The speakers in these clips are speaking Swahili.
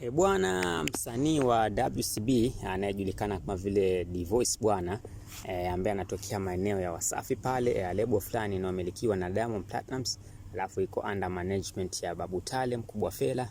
E, bwana msanii wa WCB anayejulikana kama vile Voice bwana e, ambaye anatokea maeneo ya Wasafi pale e, lebo fulani inayomilikiwa na Diamond Platnumz, alafu iko under management ya Babu Tale mkubwa Fela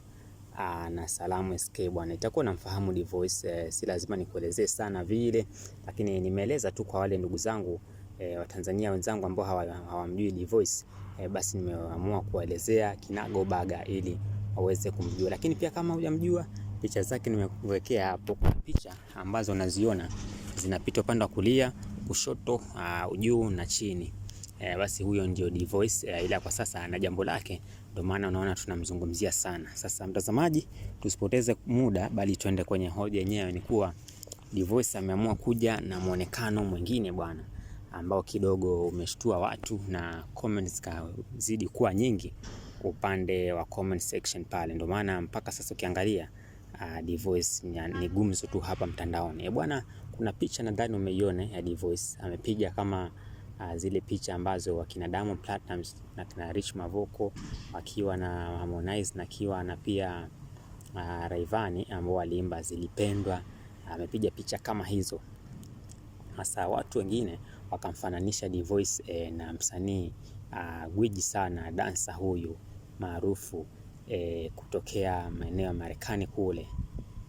Aa, ah, na Salamu SK bwana, itakuwa namfahamu Voice e, si lazima nikuelezee sana vile, lakini nimeeleza tu kwa wale ndugu zangu eh, Watanzania wenzangu ambao hawamjui hawa Voice e, basi nimeamua kuwaelezea kinagobaga ili waweze kumjua. Lakini pia kama hujamjua, picha zake nimekuwekea hapo, picha ambazo unaziona zinapita upande wa kulia, kushoto, uh, juu na chini. E, basi huyo ndio Voice e, ila kwa sasa ana jambo lake, ndio maana unaona tunamzungumzia sana. Sasa mtazamaji, tusipoteze muda, bali tuende kwenye hoja yenyewe. Ni kuwa Voice ameamua kuja na muonekano mwingine bwana, ambao kidogo umeshtua watu na comments kazidi kuwa nyingi upande wa comment section pale. Ndio maana mpaka sasa ukiangalia uh, ah, Dvoice ni gumzo tu hapa mtandaoni. Eh, bwana kuna picha nadhani umeiona ya Dvoice amepiga kama uh, zile picha ambazo wakina Diamond Platnumz na kina Rich Mavoko wakiwa na Harmonize na kiwa na pia uh, Rayvanny ambao waliimba zilipendwa. Amepiga uh, picha kama hizo. Hasa watu wengine wakamfananisha Dvoice eh, na msanii uh, gwiji sana dansa huyu maarufu e, kutokea maeneo ya Marekani kule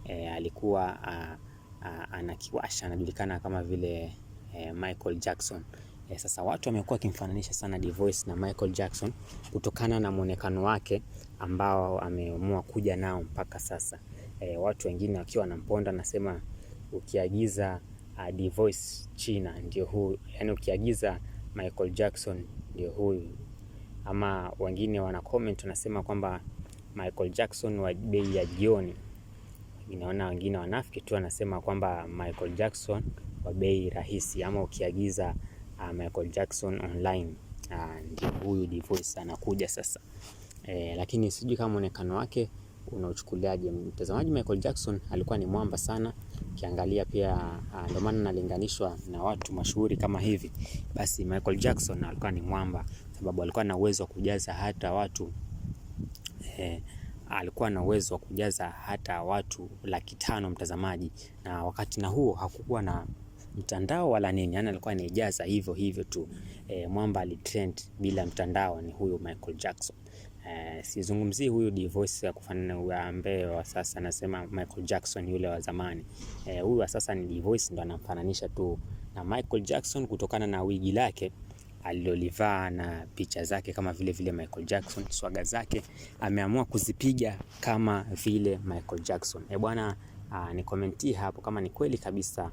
e, alikuwa a, a, anakiwasha anajulikana kama vile e, Michael Jackson. E, sasa watu wamekuwa wakimfananisha sana Voice na Michael Jackson kutokana na mwonekano wake ambao ameamua kuja nao mpaka sasa. E, watu wengine wakiwa wanamponda nasema ukiagiza uh, D'Voice China ndio huyu, yani ukiagiza Michael Jackson ndio huyu ama wengine wana comment wanasema kwamba Michael Jackson wa bei ya jioni. Inaona wengine wanafiki tu wanasema kwamba Michael Jackson wa bei rahisi, ama ukiagiza uh, Michael Jackson online uh, ndio huyu Voice anakuja sasa e, lakini sijui kama muonekano wake unaochukuliaje mtazamaji. Michael Jackson alikuwa ni mwamba sana. Ukiangalia pia ah, ndio maana nalinganishwa na watu mashuhuri kama hivi, basi Michael Jackson alikuwa ni mwamba, sababu alikuwa na uwezo wa kujaza hata watu eh, alikuwa na uwezo wa kujaza hata watu laki tano mtazamaji, na wakati na huo hakukuwa na mtandao wala nini, yani alikuwa anaijaza hivyo hivyo tu. E, mwamba alitrend bila mtandao ni huyo Michael Jackson. Eh, sizungumzii huyu divorce ya kufanana na ambaye wa sasa, anasema Michael Jackson yule wa zamani. Eh, huyu wa sasa ni divorce ndo anamfananisha tu na Michael Jackson kutokana na wigi lake alilolivaa na picha zake kama vile vile Michael Jackson, swaga zake ameamua kuzipiga kama vile Michael Jackson. Eh, bwana ah, ni commenti hapo kama ni kweli kabisa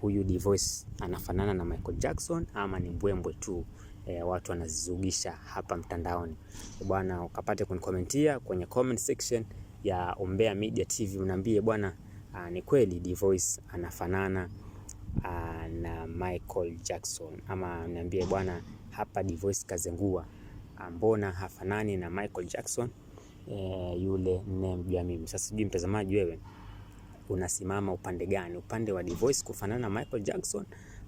huyu divorce anafanana na Michael Jackson ama ni mbwembwe tu e, watu wanazizugisha hapa mtandaoni bwana. Ukapate kunikomentia kwenye comment section ya Umbea Media TV, unaambie bwana, ah, ni kweli Voice anafanana a, ah, na Michael Jackson, ama niambie bwana, hapa Voice kazengua, ah, mbona hafanani na Michael Jackson e, yule mnayemjua mimi. Sasa sijui mtazamaji, wewe unasimama upande gani? Upande wa Voice kufanana na Michael Jackson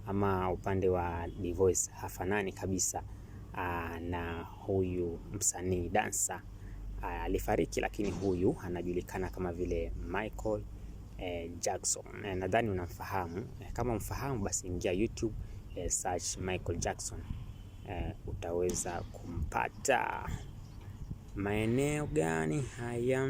ama upande wa Voice hafanani kabisa aa, na huyu msanii dansa alifariki, lakini huyu anajulikana kama vile Michael eh, Jackson eh, nadhani unamfahamu eh, kama mfahamu basi ingia YouTube eh, search Michael Jackson eh, utaweza kumpata maeneo gani haya